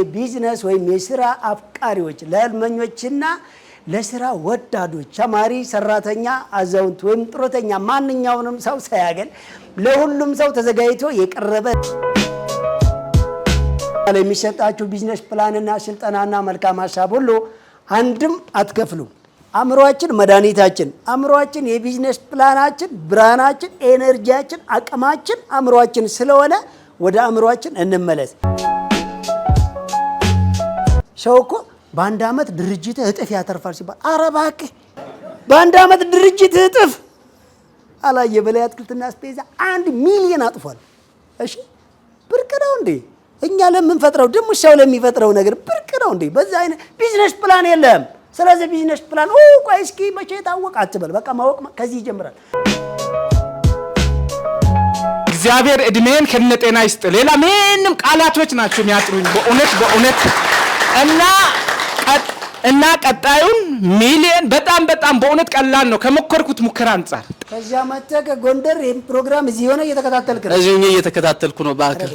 የቢዝነስ ወይም የስራ አፍቃሪዎች ለህልመኞችና ለስራ ወዳዶች ተማሪ፣ ሰራተኛ፣ አዛውንት ወይም ጡረተኛ ማንኛውንም ሰው ሳያገል ለሁሉም ሰው ተዘጋጅቶ የቀረበ የሚሰጣችሁ ቢዝነስ ፕላንና ስልጠናና መልካም ሀሳብ ሁሉ አንድም አትከፍሉም። አእምሯችን መድኃኒታችን፣ አእምሯችን የቢዝነስ ፕላናችን፣ ብርሃናችን፣ ኤነርጂያችን፣ አቅማችን አእምሯችን ስለሆነ ወደ አእምሯችን እንመለስ። ሰው እኮ በአንድ ዓመት ድርጅት እጥፍ ያተርፋል ሲባል፣ አረ እባክህ በአንድ ዓመት ድርጅት እጥፍ አላየ በላይ አትክልትና ስፔዛ አንድ ሚሊዮን አጥፏል። እሺ ብርቅ ነው እንዴ? እኛ ለምንፈጥረው ደግሞ ሰው ለሚፈጥረው ነገር ብርቅ ነው እንዴ? በዛ አይነት ቢዝነስ ፕላን የለም። ስለዚህ ቢዝነስ ፕላን ቆይ እስኪ መቼ ታወቅ አትበል። በቃ ማወቅ ከዚህ ይጀምራል። እግዚአብሔር እድሜን ከነጤና ይስጥ። ሌላ ምንም ቃላቶች ናቸው የሚያጥሩኝ በእውነት በእውነት እና እና ቀጣዩን ሚሊየን በጣም በጣም በእውነት ቀላል ነው ከሞከርኩት ሙከራ አንጻር። ከዚያ መተህ ጎንደር ፕሮግራም እዚህ ሆነ እየተከታተልክ ነው። እዚህ እየተከታተልኩ ነው በአካል